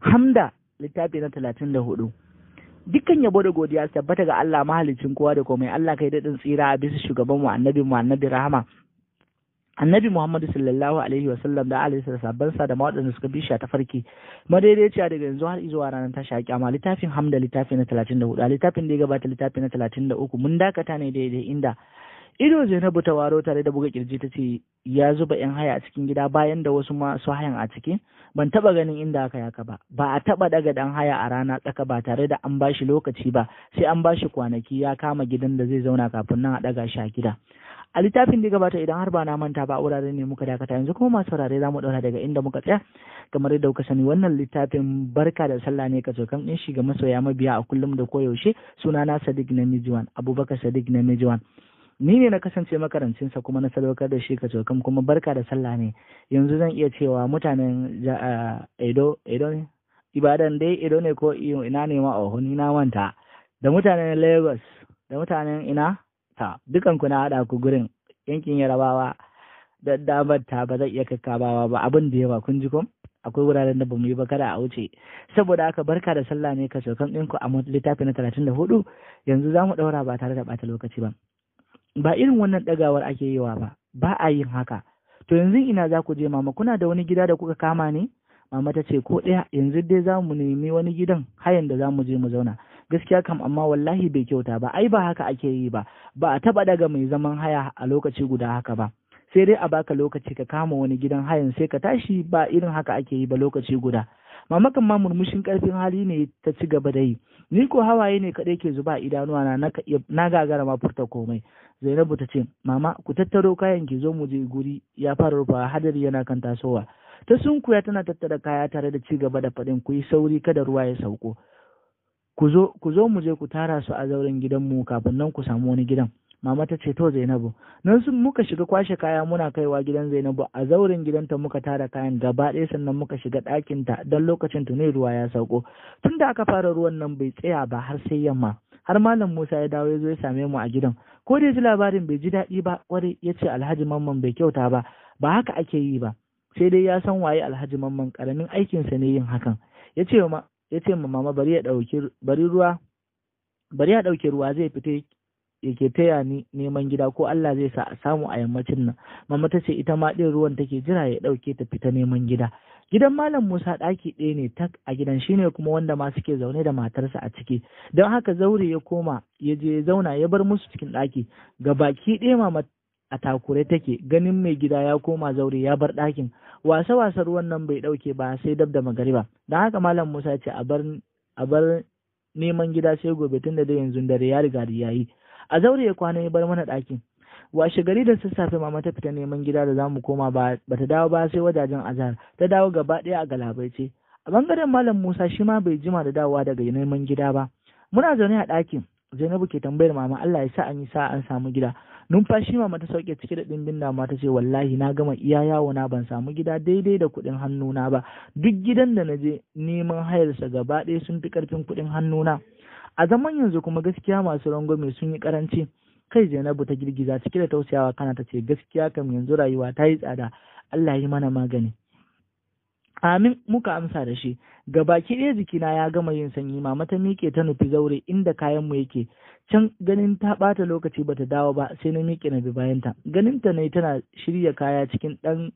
hamda littafi na talatin da hudu dukkan yabo da godiya su tabbata ga Allah mahalicin kowa da komai Allah kai daɗin tsira a bisa shugaban mu annabi mu annabi rahama annabi Muhammadu sallallahu alaihi wasallam da alaihi sabban sa da waɗanda suka bishiya shi ta farki madaidaiciya daga yanzu har izuwa ranar tasha a kyama littafin hamda littafi na talatin da hudu A littafin da ya gabata littafi na talatin da uku mun dakata ne daidai inda ido Zainabu ta waro tare da buga kirji ta ce ya zuba yan haya a cikin gida bayan da wasu masu hayan a cikin. ban taɓa ganin inda aka yaka ba ba a taɓa daga dan haya a rana tsaka ba tare da an bashi lokaci ba sai an bashi kwanaki ya kama gidan da zai zauna kafin nan a daga shi a gida a littafin da gabata idan har ba na manta ba a wuraren ne muka dakata yanzu kuma masu saurare za mu ɗaura daga inda muka tsaya kamar yadda kuka sani wannan littafin barka da sallah ne ka tsokan ɗin shi ga masoya mabiya a kullum da koyaushe sunana sadiq na abubakar sadiq na ni ne na kasance makarancinsa kuma na sadaukar da shi ka cokam kuma barka da sallah ne yanzu zan iya cewa mutanen edo ne ibadan dai edo ne ko ina ne ma oho ni na manta da mutanen lagos da mutanen ina ta dukan ku na haɗa ku gurin yankin yarabawa da damar ta ba zai iya kakkabawa ba abin da yawa kun ji kun akwai wuraren da ba mu yi ba kada a wuce saboda haka barka da sallah ne ka cokam ɗinku a littafi na talatin da hudu yanzu za mu ɗaura ba tare da ɓata lokaci ba ba irin wannan ɗagawar ake yiwa ba ba a yin haka to yanzu ina za ku je mama kuna da wani gida da kuka kama ne mama ta ce ko ɗaya yanzu dai za mu nemi wani gidan hayan da za mu je mu zauna gaskiya kam amma wallahi bai kyauta ba ai ba haka ake yi ba ba a taɓa daga mai zaman haya a lokaci guda haka ba sai dai a baka lokaci ka kama wani gidan hayan sai ka tashi ba irin haka ake yi ba lokaci guda mamakan ma murmushin karfin hali ne ta ci gaba da yi ni ko hawaye ne kaɗai ke zuba idanuwa na na gagara ma furta komai zainabu ta ce mama ku tattaro kayan ki zo mu je guri ya fara rufa hadari yana kan tasowa ta sunkuya tana tattara kaya tare da ci gaba da faɗin ku yi sauri kada ruwa ya sauko ku zo mu je ku tara su a zauren gidanmu kafin nan ku samu wani gidan mama ta ce to Zainabu nan sun muka shiga kwashe kaya muna kaiwa gidan Zainabu a zauren gidanta muka tara kayan gaba ɗaya sannan muka shiga ɗakin ta dan lokacin tuni ruwa ya sauko tun da aka fara ruwan nan bai tsaya ba har sai yamma har malam Musa ya dawo ya zo ya same mu a gidan ko da yaji labarin bai ji daɗi ba kwarai ya ce Alhaji Mamman bai kyauta ba ba haka ake yi ba sai dai ya san waye Alhaji Mamman karamin aikinsa ne yin hakan ya ce ma ya ce ma mama bari ya ɗauki bari ruwa bari ya ɗauki ruwa zai fita yake taya ni neman gida ko Allah zai sa samu a yammacin nan mama ta ce ita ma ɗin ruwan take jira ya ɗauke ta fita neman gida gidan malam Musa ɗaki ɗaya ne tak a gidan shine kuma wanda ma suke zaune da matarsa a ciki don haka zaure ya koma ya je ya zauna ya bar musu cikin ɗaki ga baki ɗaya mama a takure take ganin mai gida ya koma zaure ya bar ɗakin wasa wasa ruwan nan bai ɗauke ba sai dab da magariba don haka malam Musa ce a bar neman gida sai gobe tun da yanzu dare ya riga da yayi a zaure ya kwana ya bar mana ɗakin washe gari da sassafe mama ta fita neman gida da zamu koma ba ta dawo ba sai wajajen azhar ta dawo gaba ɗaya a galabaice a bangaren malam musa shi ma bai jima da dawowa daga neman gida ba muna zaune a ɗakin zainabu ke tambayar mama allah ya sa an yi sa an samu gida numfashi mama ta sauke cike da ɗimbin damuwa ta ce wallahi na gama iya yawo na ban samu gida daidai da kuɗin hannuna ba duk gidan da na je neman hayarsa gaba ɗaya sun fi ƙarfin kuɗin hannuna. a zaman yanzu kuma gaskiya masu rangwame sun yi karanci kai Zainabu ta girgiza cike da tausayawa kana ta ce gaskiya kam yanzu rayuwa ta yi tsada Allah yi mana magani Amin muka amsa da shi ga baki ɗaya jikina ya gama yin sanyi mama ta miƙe ta nufi zaure inda mu yake can ganin ta ɓata lokaci bata dawo ba sai na miƙe na bi bayanta ganin ta ne tana shirya kaya cikin ɗan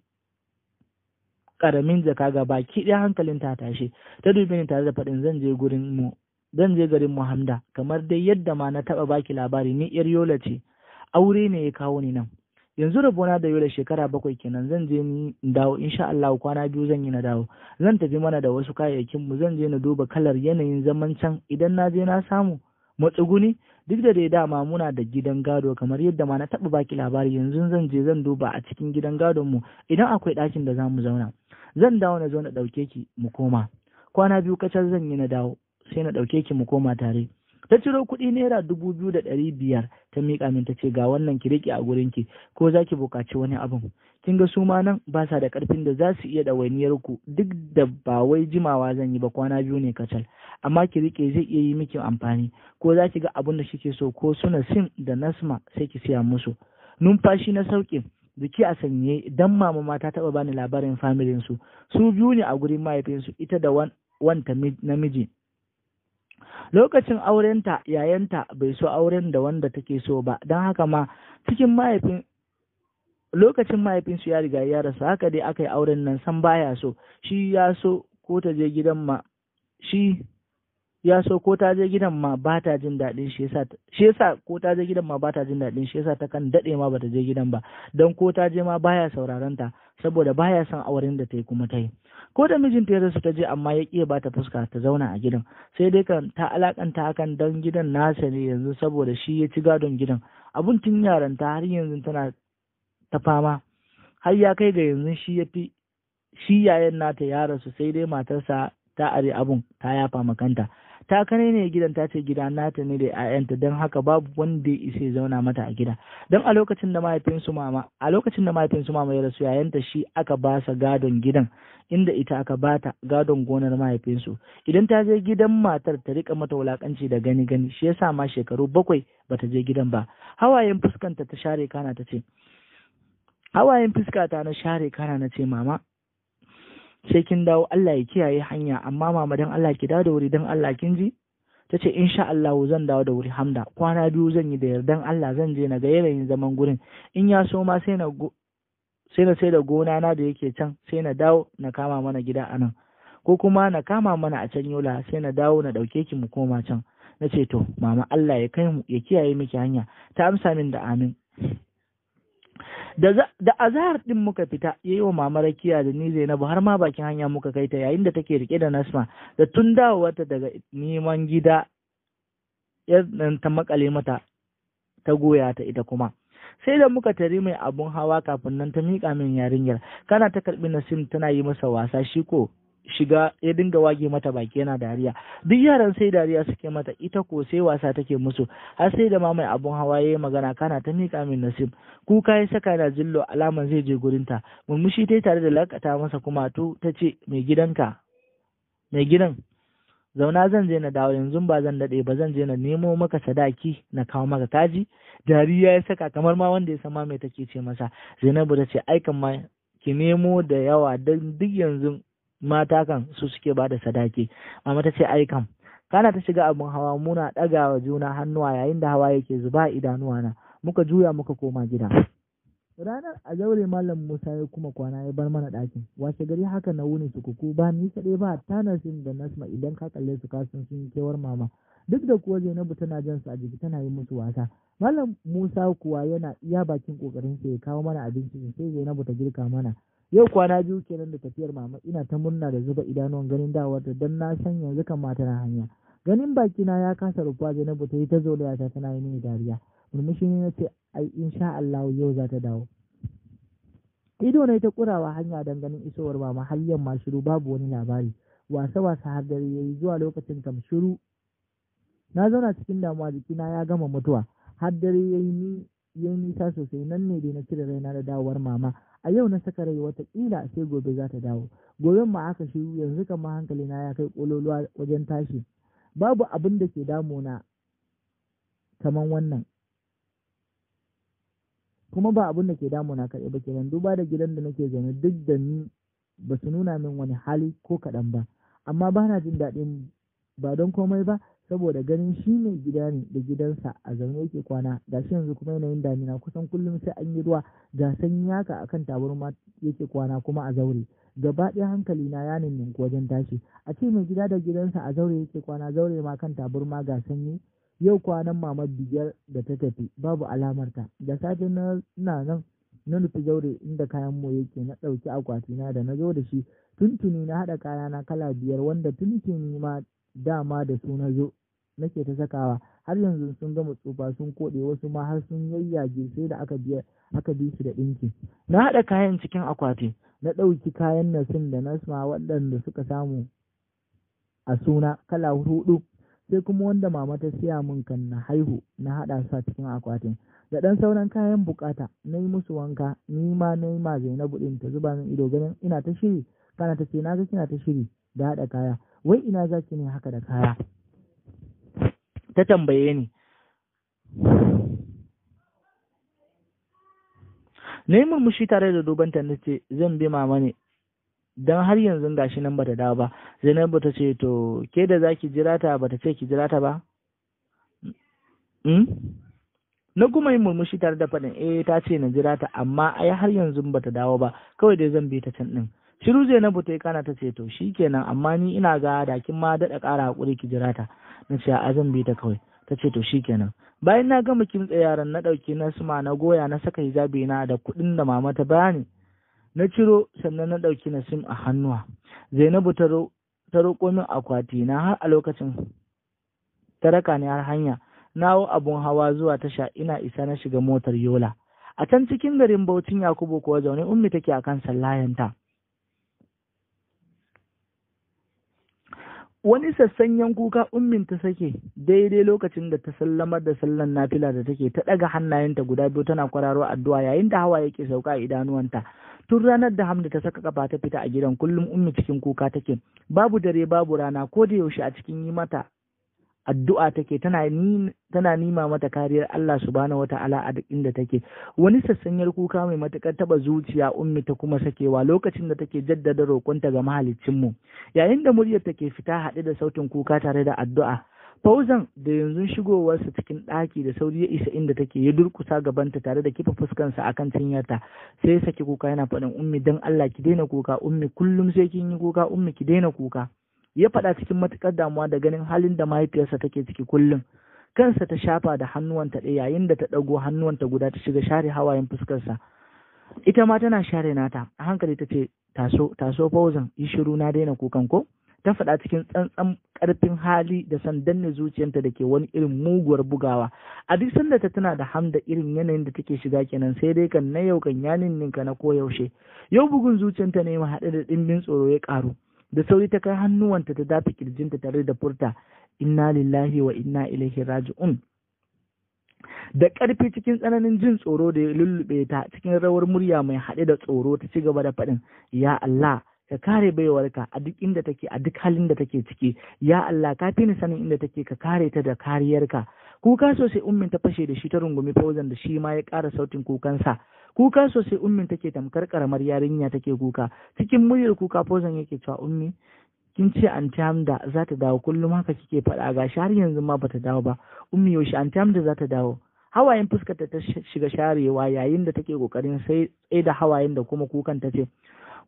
ƙaramin jaka ga baki ɗaya hankalin ta tashi ta dubi ni tare da faɗin zan je gurin mu zan je garin Muhamda kamar dai yadda ma na taɓa baki labari ni yar Yola ce aure ne ya kawo ni nan yanzu rabona da Yola shekara bakwai kenan zan je in dawo insha Allah kwana biyu zan yi na dawo zan tafi mana da wasu kayayyakin mu zan je na duba kalar yanayin zaman can idan na je na samu matsuguni duk da dai dama muna da gidan gado kamar yadda ma na taɓa baki labari yanzu zan je zan duba a cikin gidan gadon mu idan akwai ɗakin da za mu zauna zan dawo na zo na ɗauke ki mu koma kwana biyu kacal zan yi na dawo sai na ɗauke ki mu koma tare ta ciro kuɗi naira dubu biyu da ɗari biyar ta miƙa min ta ce ga wannan ki riƙe a gurin ki ko za ki buƙaci wani abin kin ga suma nan ba sa da ƙarfin da za su iya ɗawainiyar ku duk da ba wai jimawa zan yi ba kwana biyu ne kacal amma ki riƙe zai iya yi miki amfani ko za ki ga abin da shike so ko suna sim da nasma sai ki siya musu numfashi na sauƙi biki a sanye dan mama ma ta taɓa bani labarin familinsu su biyu ne a gurin mahaifinsu ita da wanta namiji lokacin aurenta yayanta bai so auren da wanda take so ba don haka ma cikin mahaifin lokacin mahaifinsu ya riga ya rasa haka dai aka yi auren nan san baya so shi ya so ko ta je gidan ma shi ya so ko ta je gidan ma ba ta jin daɗin shi yasa shi yasa ko ta je gidan ma ba ta jin daɗin shi yasa ta kan daɗe ma bata je gidan ba don ko ta je ma baya sauraron ta saboda baya son auren da ta yi kuma ta yi ko da mijinta ya rasu ta je amma ya ƙi ba ta fuska ta zauna a gidan sai dai kan ta alakanta hakan dan gidan nasa ne yanzu saboda shi ya ci gadon gidan abun tun yaranta har yanzu tana ta fama har ya kai ga yanzu shi ya fi shi yayan nata ya rasu sai dai matarsa ta are abun ta yafa makanta ta kane ne gidan ta ce gida nata ne da 'ya'yanta don haka babu wanda ya isa zauna mata a gida don a lokacin da mahaifinsu mama a lokacin da mahaifinsu mama ya rasu yayanta shi aka ba sa gadon gidan inda ita aka ba ta gadon gonar mahaifinsu idan ta je gidan matar ta rika mata wulakanci da gani gani shi yasa ma shekaru bakwai bata je gidan ba hawayen fuskanta ta share kana ta ce hawayen fuskata na share kana na ce mama sai kin dawo Allah ya kiyaye hanya amma mama dan Allah ki dawo da wuri dan Allah kin ji ta ce insha Allah zan dawo da wuri hamda kwana biyu zan yi da yardan Allah zan je na ga yanayin zaman gurin in ya so ma sai na sai na sai da gona na da yake can sai na dawo na kama mana gida anan, ko kuma na kama mana a can yola sai na dawo na dauke ki mu koma can na ce to mama Allah ya kai mu ya kiyaye miki hanya ta amsa min da amin da azahar din muka fita yayi wa mama rakiya da ni Zainabu har ma bakin hanya muka kai ta yayin da take rike da Nasma da tun dawowarta daga neman gida yadda ta makale mata ta goya ta ita kuma sai da muka tari mai abun hawa kafin nan ta miƙa min yarinyar kana ta karɓi Nasim tana yi masa wasa shi ko shiga ya dinga wage mata baki yana dariya duk yaran sai dariya suke mata ita ko sai wasa take musu har sai da mamai abun hawa yayi magana kana ta mika min nasib kuka ya saka na jillo alaman zai je gurin ta murmushi tai tare da lakata masa kuma to tace mai gidanka mai gidan zauna zan je na dawo yanzu ba zan dade ba zan je na nemo maka sadaki na kawo maka kaji dariya ya saka kamar ma wanda ya san mamai take ce masa Zainabu ta ce aikan ma ki nemo da yawa duk yanzu mata kan su suke ba da sadaki amma ta ce ai kam kana ta shiga abin hawa muna ɗagawa juna hannuwa yayin da hawa yake zuba idanuwa na muka juya muka koma gida ranar a zaure malam musa ya kuma kwana ya bar mana ɗakin washe gari haka na wuni kuku ba ni kaɗai ba tana sin da nasma idan ka kalle su kasan sun kewar mama duk da kuwa zainabu tana jan su a jiki tana yi musu wasa malam musa kuwa yana iya bakin kokarin sa ya kawo mana abinci sai zainabu ta girka mana yau kwana biyu kenan da tafiyar mama ina ta murna da zuba idanuwan ganin dawar dawarta don na san yanzu kan mata na hanya ganin bakina ya kasa rufuwa zainabu ta yi ta da yata tana yi mini dariya murmushi ne na ce ai insha Allah yau za ta dawo ido ne ta kurawa hanya don ganin isowar mama har yamma shiru babu wani labari wasa wasa har dare yayi zuwa lokacin kam shiru na zauna cikin damuwa jikina ya gama mutuwa har dare yayi ni yayi nisa sosai nan ne dai na cire raina da dawowar mama a yau na saka rai watakila sai gobe za ta dawo goben ma aka shiru yanzu ma hankali na ya kai kololuwa wajen tashi babu abin da ke damuna kamar wannan kuma ba abin da ke damuna kaɗai ba kenan duba da gidan da nake zaune duk da ni ba su nuna min wani hali ko kaɗan ba amma ba na jin daɗin ba don komai ba saboda ganin shi mai gida ne da gidansa a zaune yake kwana ga shi yanzu kuma yanayin damina kusan kullum sai an yi ruwa ga sanyi haka akan tabarma yake kwana kuma a zaure gaba ɗaya hankali na ya ninku wajen tashi a ce mai gida da gidansa a zaure yake kwana zaure ma kan tabarma ga sanyi yau kwanan mama biyar da ta tafi babu alamar ta da safe na nan na nufi zaure inda kayan mu yake na ɗauki akwatina da na zo da shi tuntuni na haɗa kayana kala biyar wanda tuntuni ma dama da su na zo nake ta sakawa har yanzu sun gama tsufa sun koɗe wasu ma har sun yayyage sai da aka biya aka bi su da ɗinki na haɗa kayan cikin akwati na ɗauki kayan nasin da nasma waɗanda suka samu a suna kala huɗu sai kuma wanda mama ta siya min kan na haihu na haɗa su a cikin akwatin da ɗan sauran kayan bukata na yi musu wanka ni ma na yi ma zai na ɗin ta zuba min ido ganin ina ta shiri kana ta ce na ga kina ta shiri da haɗa kaya wai ina za ne haka da kaya ta tambaye ni na yi murmushi tare da duban ta na ce zan bi mama ne don har yanzu shi nan bata dawo ba zainabu ta ce to ke da zaki jira ta bata ce ki jira ta ba hmm? na kuma yi murmushi tare da faɗin eh ta ce na jira ta amma ai har yanzu bata dawo ba kawai dai zan bi ta can ɗin shiru zainabu ta yi kana ta ce to shi kenan amma ni ina ga dakin ma daɗa ƙara haƙuri ki jira ta na ce a zan bi ta kawai ta ce to shi kenan bayan na gama kimtsa yaran na ɗauki na suma na goya na saka hijabi na da kuɗin da mama ta bani na ciro sannan na ɗauki na sim a hannuwa zainabu ta roƙo min akwati na har a lokacin ta raka ni har hanya na abun hawa zuwa tasha ina isa na shiga motar yola a can cikin garin bautin yakubu kuwa zaune ummi take akan sallayanta wani sassanyen kuka ummin ta sake daidai lokacin da ta sallamar da sallan nafila da take ta ɗaga hannayenta guda biyu tana kwararo addu'a yayin da hawa yake sauka a idanuwanta tun ranar da hamda ta saka kafa ta fita a gidan kullum ummi cikin kuka take babu dare babu rana ko da yaushe a cikin yi mata addu'a take tana tana nima mata kariyar Allah subhanahu wata'ala a duk inda take wani sassanyar kuka mai matakar taba zuciya ummi ta kuma sakewa lokacin da take jaddada roƙonta ga mahaliccin mu yayin da muryar take fita haɗe da sautin kuka tare da addu'a Fauzan da yanzu shigowarsa cikin ɗaki da sauri ya isa inda take ya durkusa gabanta tare da kifa fuskansa akan cinyarta sai ya saki kuka yana faɗin ummi don Allah ki daina kuka ummi kullum sai kin yi kuka ummi ki daina kuka ya faɗa cikin matuƙar damuwa da ganin halin da mahaifiyarsa take ciki kullum kansa ta shafa da hannuwanta ɗaya yayin da ta ɗago hannuwanta guda ta shiga share hawayen fuskarsa ita ma tana share nata a hankali ta ce taso taso fauzan yi shiru na daina kukan ko ta faɗa cikin tsantsan ƙarfin hali da san danne zuciyarta da ke wani irin muguwar bugawa a duk sanda ta tana da hamda irin yanayin da take shiga kenan sai dai kan na yau kan yanin ninka na koyaushe yau bugun zuciyarta ne ma haɗe da ɗimbin tsoro ya ƙaru da sauri ta kai hannuwanta ta dafa kirjinta tare da furta inna lillahi wa inna ilaihi raji'un da ƙarfi cikin tsananin jin tsoro da ya lullube ta cikin rawar murya mai haɗe da tsoro ta ci gaba da faɗin ya Allah ka kare baiwarka a duk inda take a duk halin da take ciki ya Allah ka fi ni sanin inda take ka kare ta da kariyarka kuka sosai ummin ta fashe da shi ta rungumi fauzan da shi ma ya ƙara sautin kukansa kuka sosai ummin take tamkar karamar yarinya take kuka cikin muryar kuka fauzan yake cewa ummi kin ce anti da za ta dawo kullum haka kike faɗa ga har yanzu ma bata dawo ba ummi yaushe anti amda za ta dawo hawayen fuskar ta shiga sharewa yayin da take kokarin sai da hawayen da kuma kukan ta ce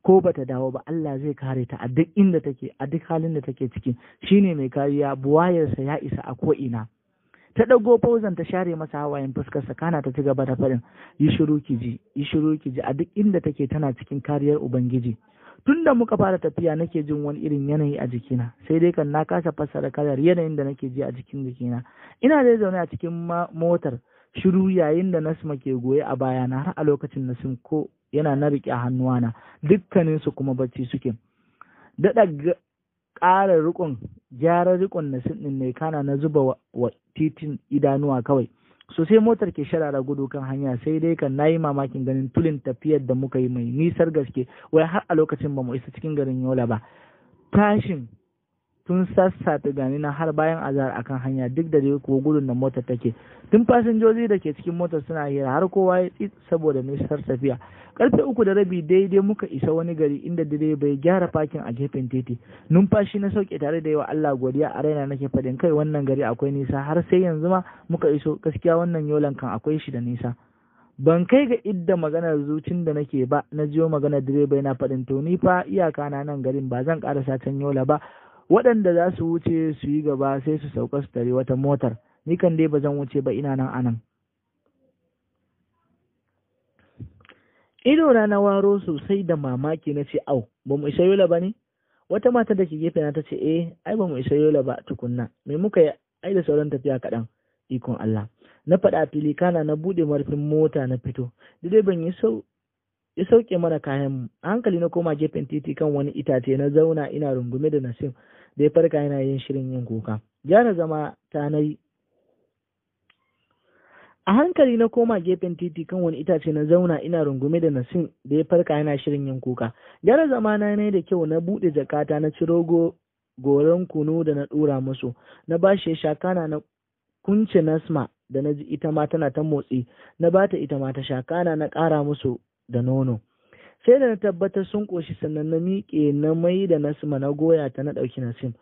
ko bata dawo ba Allah zai kare ta a duk inda take a duk halin da take ciki shine mai kariya buwayarsa ya isa a ko ina ta ɗago fauzan ta share masa hawayen fuskarsa kana ta ci gaba da faɗin yi shiru ki ji yi shiru ki ji a duk inda take tana cikin kariyar ubangiji tun da muka fara tafiya nake jin wani irin yanayi a jikina sai dai kan na kasa fassara kalar yanayin da nake ji a jikin jikina ina dai zaune a cikin motar shiru yayin da Nasma ke goye a bayana har a lokacin Nasim ko yana na riƙe hannuwana dukkaninsu kuma bacci suke. Daɗa ƙara riƙon gyaran riƙon Nasim ɗin ne kana na zuba wa titin idanuwa kawai. Sosai motar ke sharara gudu kan hanya sai dai kan nayi mamakin ganin tulin tafiyar da muka yi mai nisar gaske wai har a lokacin ba mu isa cikin garin Yola ba. Tashin tun sassafe gani na har bayan a akan hanya duk da dai kuwa gudun da motar take tun fasinjoji da ke cikin motar suna hira har kowa ya tsit saboda nisar tafiya karfe uku da rabi daidai muka isa wani gari inda dare bai gyara fakin a gefen titi numfashi na sauke tare da yawa Allah godiya a raina nake fadin kai wannan gari akwai nisa har sai yanzu ma muka iso gaskiya wannan yolan kan akwai shi da nisa ban kai ga idda maganar zucin da nake ba na jiyo maganar direba yana faɗin to ni fa iyaka na nan garin ba zan karasa can yola ba waɗanda za su wuce su yi gaba sai su sauka su tare wata motar ni kan dai ba zan wuce ba ina nan anan ido na waro sosai da mamaki na ce au ba mu isa yola ba ne wata mata da ke gefe na ta ce eh ai ba mu isa yola ba tukunna me muka yi ai da sauran tafiya kaɗan ikon Allah na faɗa fili kana na buɗe marfin mota na fito direban ban yi ya sauke mana kayanmu a hankali na koma gefen titi kan wani itace na zauna ina rungume da nasim da ya farka yana yin shirin yin kuka gyara zama ta nayi a hankali na koma gefen titi kan wani itace na zauna ina rungume da nasim da ya farka yana shirin yin kuka gyara zama na ne da kyau na buɗe jakata na ciro goron kunu da na ɗora musu na bashi shakana na kunce nasma da na ji ita ma tana ta motsi na bata ita ma ta shakana na ƙara musu da nono sai da na tabbatar sun ƙoshi sannan na miƙe na mai da na suma na goya ta na ɗauki na sim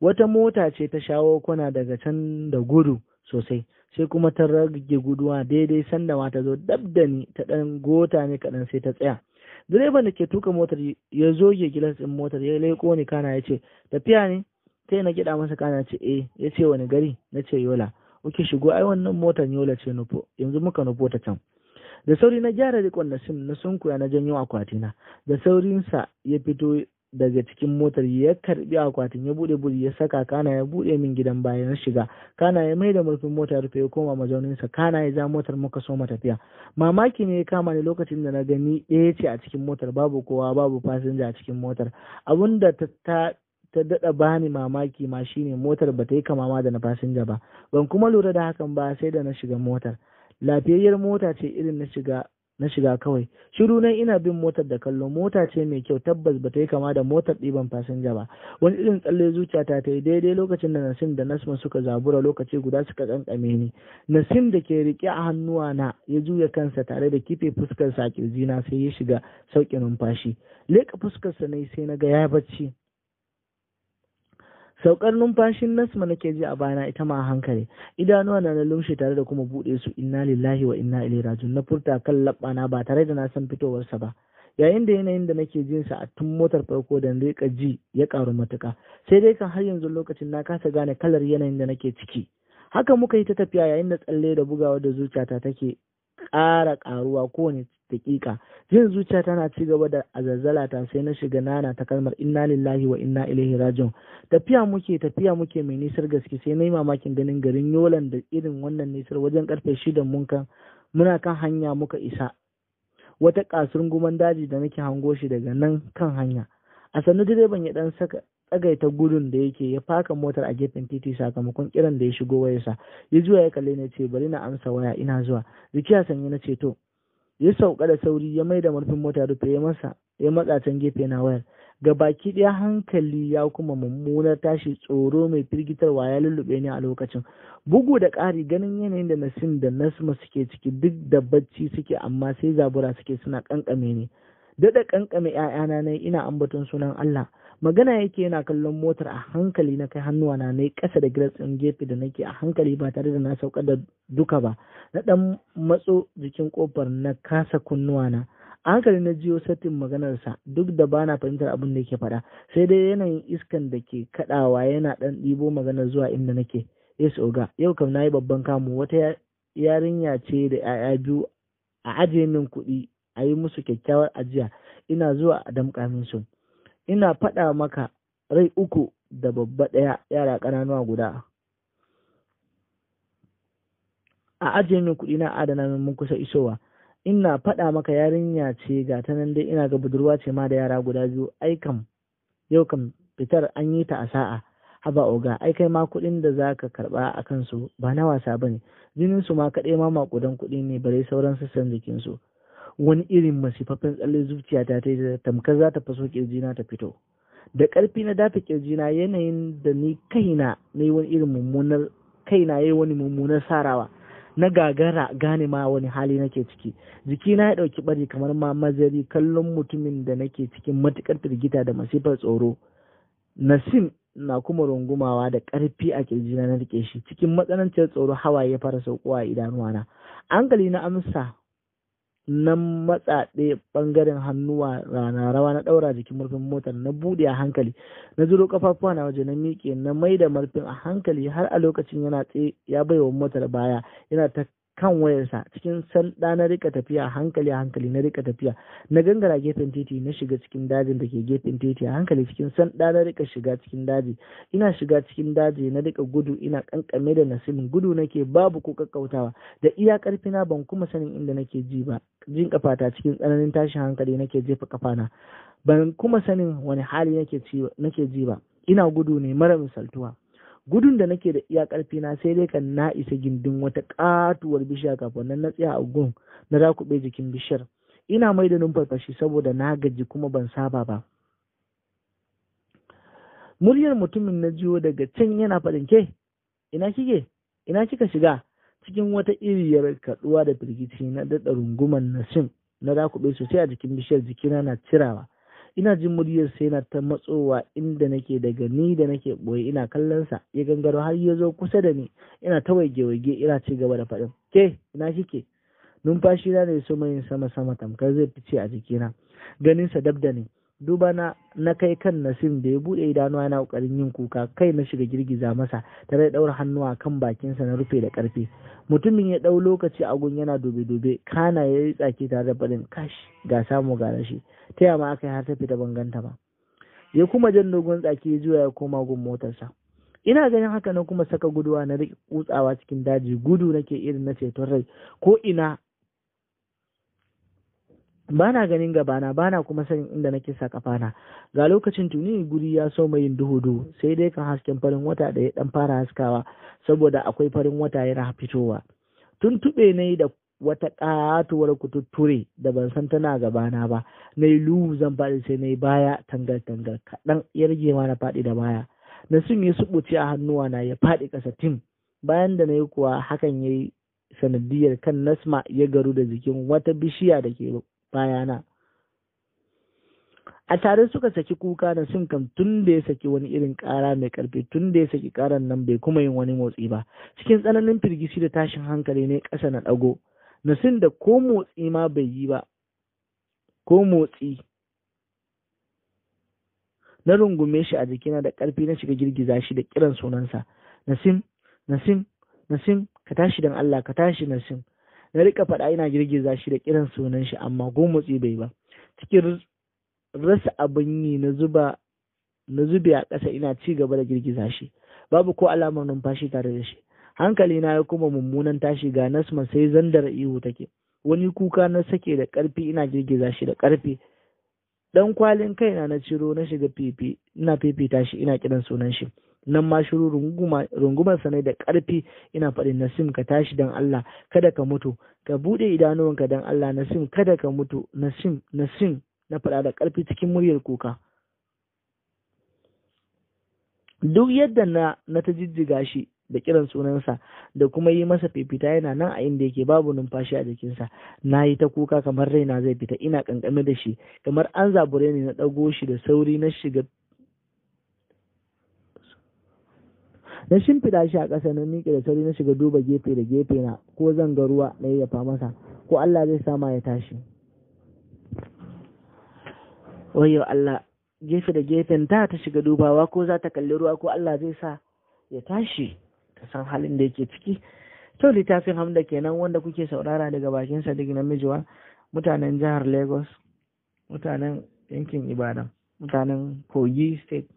wata mota ce ta shawo kwana daga can da gudu sosai sai kuma ta rage guduwa daidai sanda ma ta zo dab da ni ta ɗan gota ne kaɗan sai ta tsaya direban da ke tuka motar ya zo ya gilas ɗin motar ya leƙo ni kana ya ce tafiya ne sai na gida masa kana ce eh ya ce wani gari na ce yola oke shigo ai wannan motar yola ce nufo yanzu muka nufo ta can da sauri na gyara rikon na sim na sunkuya na janyo akwatina da saurinsa ya fito daga cikin motar ya karbi akwatin ya bude buri ya saka kana ya bude min gidan bayan shiga kana ya mai da murfin mota rufe ya koma mazauninsa kana ya za motar muka so tafiya mamaki ne ya kama ni lokacin da na gani ɗaya ce a cikin motar babu kowa babu fasinja a cikin motar abinda ta ta daɗa bani mamaki ma shine motar ba ta yi kama ma da na fasinja ba ban kuma lura da hakan ba sai da na shiga motar lafiyayyar mota ce irin na shiga na shiga kawai shiru nan ina bin motar da kallo mota ce mai kyau tabbas ba ta yi kama da motar ɗiban fasinja ba wani irin tsalle zuciyata ta yi daidai lokacin da nasim da nasma suka zabura lokaci guda suka kankame ni nasim da ke riƙe a hannuwa na ya juya kansa tare da kife a sa na sai ya shiga sauƙin numfashi leƙa fuskarsa sa yi sai na ga ya bacci saukar numfashin nasma ke ji a bana ita ma a hankali idanuwa na na lumshe tare da kuma buɗe su inna lillahi wa inna ilaihi rajiun na furta kan labbana ba tare da na san fitowar sa ba yayin da yanayin da nake jin sa a tun motar farko da rika ji ya karu matuka sai dai kan har yanzu lokacin na kasa gane kalar yanayin da nake ciki haka muka yi ta tafiya yayin da tsalle da bugawa da zuciyata take ƙara ƙaruwa kowane daƙiƙa jin zuciya tana ci gaba da azazzala ta sai na shiga nana ta kalmar inna lillahi wa inna ilaihi rajiun tafiya muke tafiya muke mai nisar gaske sai na yi mamakin ganin garin yolan da irin wannan nisar wajen karfe shida mun kan muna kan hanya muka isa wata guman daji da nake hango shi daga nan kan hanya a sannu direban ya dan saka tsagaita gudun da yake ya faka motar a gefen titi sakamakon kiran da ya shigo wayarsa ya zuwa ya kalle ne ce bari na amsa waya ina zuwa rikiya sanye na ce to ya sauka da sauri ya mai da murfin mota rufe ya masa ya matsa can gefe na wayar ga baki ɗaya hankali ya kuma mummunar tashi tsoro mai firgitarwa ya lullube ni a lokacin bugu da ƙari ganin yanayin da nasin da nasma suke ciki duk da bacci suke amma sai zabura suke suna ƙanƙame ne. daɗa ƙanƙame ‘ya'yana na ina ambaton sunan Allah magana yake yana kallon motar a hankali na kai hannuwa na nai ƙasa da gilas ɗin gefe da nake a hankali ba tare da na sauka da duka ba na ɗan matso jikin ƙofar na kasa kunnuwa na a hankali na jiyo satin maganarsa duk da bana fahimtar abin da yake faɗa sai dai yanayin iskan da ke kaɗawa yana ɗan ɗibo maganar zuwa inda nake yes oga yau kam na yi babban kamu wata yarinya ce da 'ya'ya biyu a ajiye min kuɗi a yi musu kyakkyawar ajiya ina zuwa a damƙa su ina faɗa maka rai uku da babba ɗaya yara ƙananuwa guda a ajiye min kuɗi na adana min mun kusa isowa ina faɗa maka yarinya ce ga ta nan dai ina ga budurwa ce ma da yara guda biyu ai yau kam fitar an yi ta a sa'a haba oga ai kai ma kuɗin da za ka karɓa a kansu ba na wasa ba ne jinin su ma kaɗai ma maƙudan kuɗi ne bare sauran sassan jikinsu wani irin masifafin tsalle zuciya ta ta yi tamkar za ta faso kirjina ta fito da ƙarfi na dafa kirjina yanayin da ni kaina na yi wani irin mummunar kaina ya yi wani mummunar sarawa na gagara gane ma wani hali nake ciki jiki na ya ɗauki ɓari kamar ma mazari kallon mutumin da nake cikin matuƙar firgita da masifar tsoro nasim na kuma rungumawa da ƙarfi a kirjina na rike shi cikin matsananciyar tsoro hawaye fara saukowa a idanuwana Angali na amsa nan matsaɗe ɓangaren hannuwa rana rawa na ɗaura jikin murfin motar na buɗe a hankali na zuro kafafuwa na waje na miƙe na mai da murfin a hankali har a lokacin yana tsaye ya bai motar baya yana ta kan wayarsa cikin sanda na rika tafiya hankali hankali na rika tafiya na gangara gefen titi na shiga cikin dajin da ke gefen titi a hankali cikin sanda na rika shiga cikin daji ina shiga cikin daji na rika gudu ina kankame da nasirin gudu nake babu ko kakkautawa da iya karfi na ban kuma sanin inda nake ji ba jin kafata cikin tsananin tashin hankali nake jefa kafana ban kuma sanin wani hali nake ji ba ina gudu ne mara misaltuwa gudun da nake da iya karfi na sai dai kan na isa gindin wata katuwar bishiya kafin nan na tsaya a gun na rakuɓe jikin bishiyar ina mai da numfarfashi saboda na gaji kuma ban saba ba muryar mutumin na jiyo daga can yana faɗin ke ina kike ina kika shiga cikin wata iriyar kaduwa da firgici na daɗa runguman nasin na rakuɓe sosai a jikin bishiyar jikina na cirawa ina jin muryarsa yana ta matsowa inda nake daga ni da nake boye ina kallon sa ya gangaro har ya zo kusa da ni ina ta waige-waige ina ci gaba da faɗin ke ina kike numfashi na ne so mai sama sama tamkar zai fice a jikina ganinsa dab da ni duba na na kai kan Nasim da ya buɗe idanuwa Yana kokarin yin kuka kai na shiga girgiza masa tare da daura hannuwa kan bakinsa na rufe da karfi mutumin ya ɗau lokaci a gun yana dobe dobe kana ya yi tsaki tare da baɗin kash ga samu ga rashi ta yama aka har ta fita banganta ba ya kuma jan dogon tsaki ya juya ya koma gun motarsa ina ganin haka na kuma saka guduwa na riƙe kutsawa cikin daji gudu nake irin na ceton rai ko ina bana ganin gabana bana kuma sanin inda nake sa kafana ga lokacin tuni guri ya so yin duhu duhu sai dai kan hasken farin wata da ya dan fara haskawa saboda akwai farin wata yana fitowa Tuntube ne da wata ƙatuwar kututture da ban san tana gabana ba na yi luhu zan faɗi sai na yi baya tangal tangal kaɗan ya rage ma na faɗi da baya na sun yi suɓuce a hannuwa na ya faɗi ƙasa tim bayan da na yi kuwa hakan ya yi sanadiyar kan nasma ya garu da jikin wata bishiya da ke bayana a tare suka saki kuka da sun kam tun da ya saki wani irin ƙara mai ƙarfi tun da ya saki ƙaran nan bai kuma yin wani motsi ba cikin tsananin firgici da tashin hankali ne ƙasa na ɗago nasin da ko motsi ma bai yi ba ko motsi na rungume shi a jikina da ƙarfi na shiga girgiza shi da kiran sunansa nasim nasim nasim ka tashi don allah ka tashi nasim na rika faɗa ina girgiza shi da kiran sunan shi amma gomutsi bai ba cikin rasa abin yi na zuba na zube a ƙasa ina ci gaba da girgiza shi babu ko alamar numfashi tare da shi hankali na ya kuma mummunan tashi ga nasma sai zandar ihu take wani kuka na sake da ƙarfi ina girgiza shi da ƙarfi dan kwalin kaina na ciro na shiga fifi ina fifita shi ina kiran sunan shi nan ma shiru rungumar sa da ƙarfi ina faɗin Nasim ka tashi dan Allah kada ka mutu ka buɗe idanuwanka dan Allah Nasim kada ka mutu Nasim Nasim na faɗa da ƙarfi cikin muryar kuka duk yadda na ta jijjiga shi da kiran sunansa da kuma yi masa fifita yana nan a inda yake babu numfashi a jikinsa na yi ta kuka kamar raina zai fita ina kankame da shi kamar an zabure ni na ɗago shi da sauri na shiga na shimfiɗa shi a ƙasa na miƙe da sauri na shiga duba gefe da gefe na ko zan ga ruwa na yayyafa masa ko Allah zai sama ya tashi wayo Allah gefe da gefen ta ta shiga dubawa ko za ta kalli ruwa ko Allah zai sa ya tashi ta san halin da yake ciki to littafin hamda kenan wanda kuke saurara daga bakin sadiq na mijiwa mutanen jihar lagos mutanen yankin ibadan mutanen kogi state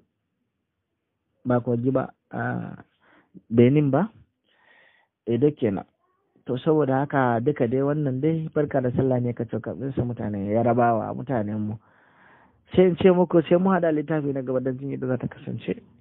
ba kogi ba benin ba eh, duk kenan to saboda haka duka dai wannan dai barka da sallah ne ka cokabinsa mutane yarabawa mutanen mu sai in ce muku sai mu haɗa littafi na gaba don jin yadda za ta kasance